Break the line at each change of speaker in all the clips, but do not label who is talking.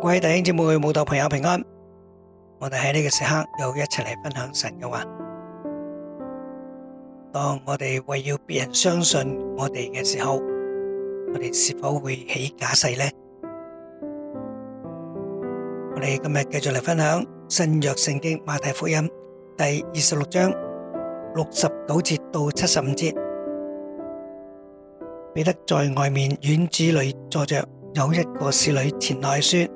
各位弟兄姐妹、信徒朋友平安，我哋喺呢個時刻又一齊嚟分享神嘅話。當我哋為要別人相信我哋嘅時候，我哋是否會起假誓呢？我哋今日繼續嚟分享新約聖經馬太福音第二十六章六十九節到七十五節。彼得在外面院子裏坐着，有一個侍女前來說。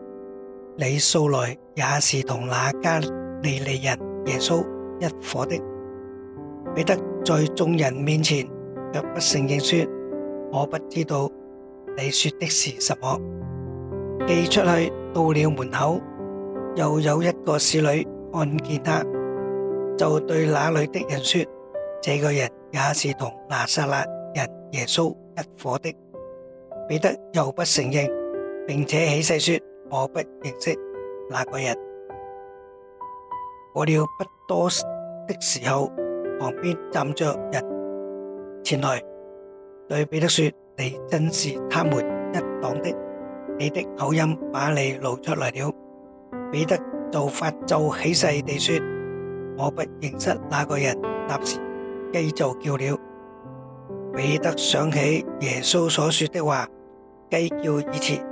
你素來也是同那加利利人耶穌一夥的。彼得在眾人面前卻不承認說：我不知道你說的是什麼。既出去到了門口，又有一個侍女看見他，就對那裏的人說：這個人也是同拿撒勒人耶穌一夥的。彼得又不承認，並且起誓說。我不認識那個人。過了不多的時候，旁邊站着人前來對彼得說：你真是他們一黨的，你的口音把你露出來了。彼得就發咒起誓地說：我不認識那個人。答時，雞就叫了。彼得想起耶穌所說的話：雞叫以前。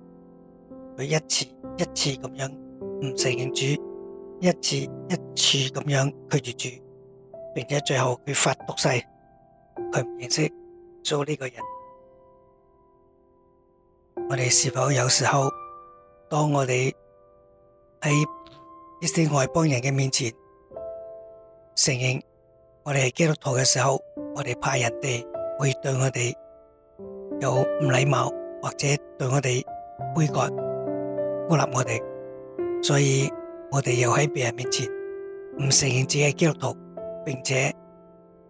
佢一次一次咁樣唔承認主，一次一次咁樣拒絕主，並且最後佢發毒誓，佢唔認識做呢個人。我哋是否有時候，當我哋喺一些外邦人嘅面前承認我哋係基督徒嘅時候，我哋怕人哋會對我哋有唔禮貌，或者對我哋杯葛？孤立我哋，所以我哋又喺別人面前唔承認自己係基督徒，並且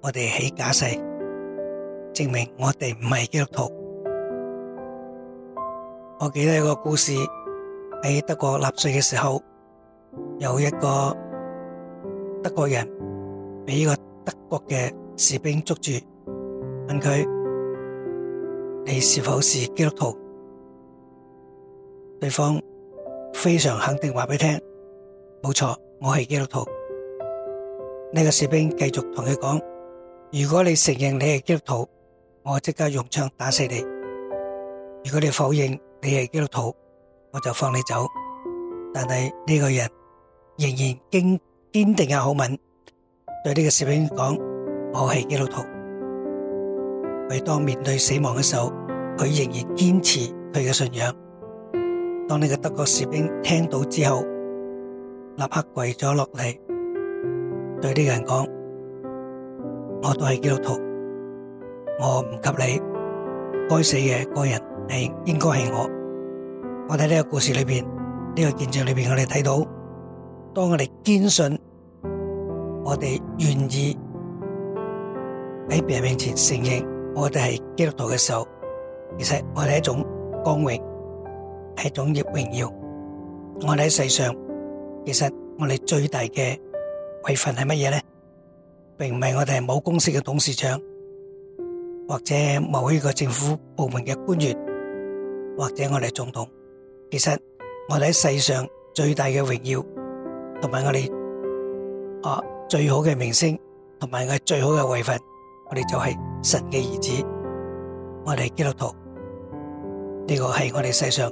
我哋起假誓證明我哋唔係基督徒。我記得有個故事喺德國納粹嘅時候，有一個德國人俾呢個德國嘅士兵捉住，問佢，你是否是基督徒？對方非常肯定話俾你聽，冇錯，我係基督徒。呢個士兵繼續同佢講：如果你承認你係基督徒，我即刻用槍打死你；如果你否認你係基督徒，我就放你走。但係呢個人仍然堅堅定嘅口吻對呢個士兵講：我係基督徒。佢當面對死亡嘅時候，佢仍然堅持佢嘅信仰。當呢個德國士兵聽到之後，立刻跪咗落嚟，對呢個人講：我都係基督徒，我唔及你，該死嘅個人係應該係我。我喺呢個故事裏邊，呢個見證裏邊，我哋睇到，當我哋堅信，我哋願意喺別人面前承認我哋係基督徒嘅時候，其實我哋係一種光榮。係種業榮耀，我哋喺世上，其實我哋最大嘅位份係乜嘢咧？並唔係我哋係某公司嘅董事長，或者某一個政府部門嘅官員，或者我哋總統。其實我哋喺世上最大嘅榮耀，同埋我哋啊最好嘅明星，同埋我哋最好嘅位份，我哋就係神嘅兒子，我哋基督徒，呢個係我哋世上。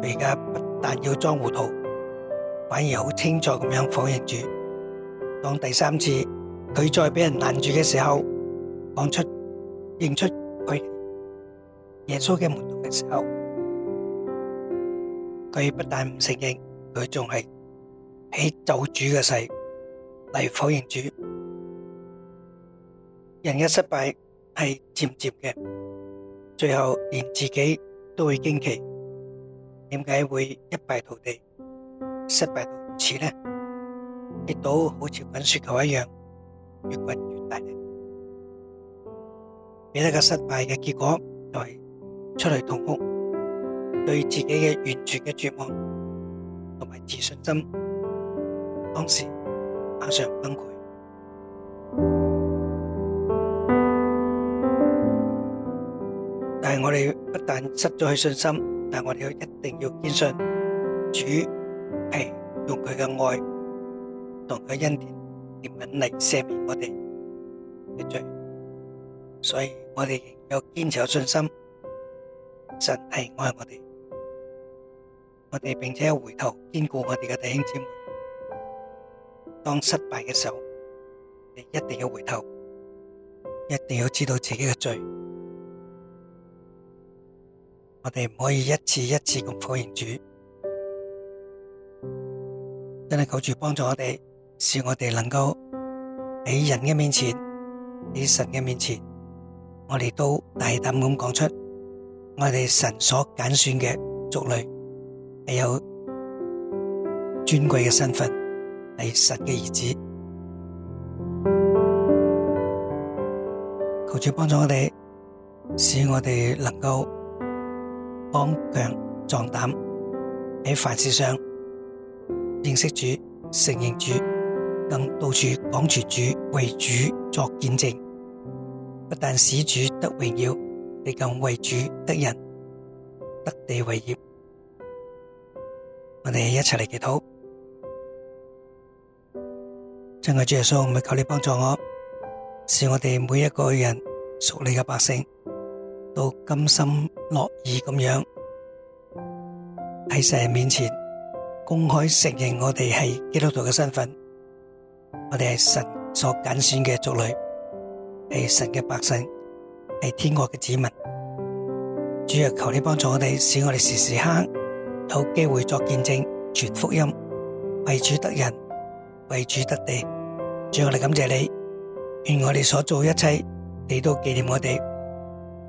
佢而家不但要裝糊塗，反而好清楚咁樣否認主。當第三次佢再俾人攔住嘅時候，講出認出佢耶穌嘅門徒嘅時候，佢不但唔承認，佢仲係起咒主嘅誓嚟否認主。人嘅失敗係漸漸嘅，最後連自己都會驚奇。點解會一敗塗地，失敗到如此呢？跌到好似滾雪球一樣，越滾越大，俾得個失敗嘅結果，就係出嚟痛哭，對自己嘅完全嘅絕望同埋自信心，當時馬上崩潰。但係我哋不但失咗去信心。但我哋要一定要堅信主係用佢嘅愛同佢恩典憐憫嚟，赦免我哋嘅罪，所以我哋要堅持有信心，神係愛我哋，我哋並且要回頭堅固我哋嘅弟兄姊妹。當失敗嘅時候，你一定要回頭，一定要知道自己嘅罪。我哋唔可以一次一次咁否認主，真係求主幫助我哋，使我哋能夠喺人嘅面前，喺神嘅面前，我哋都大膽咁講出，我哋神所揀選嘅族類，係有尊貴嘅身份，係神嘅兒子。求主幫助我哋，使我哋能夠。剛強壯膽，喺凡事上認識主、承認主，更到處講住主，為主作見證。不但使主得榮耀，你更為主得人得地為業。我哋一齊嚟祈禱。真愛主耶穌，我哋求你幫助我，是我哋每一個人屬你嘅百姓。到甘心樂意咁樣喺世人面前公開承認我哋係基督徒嘅身份，我哋係神所揀選嘅族類，係神嘅百姓，係天國嘅子民。主若求你幫助我哋，使我哋時時刻有機會作見證，傳福音，為主得人，為主得地。主我哋感謝你，願我哋所做一切，你都紀念我哋。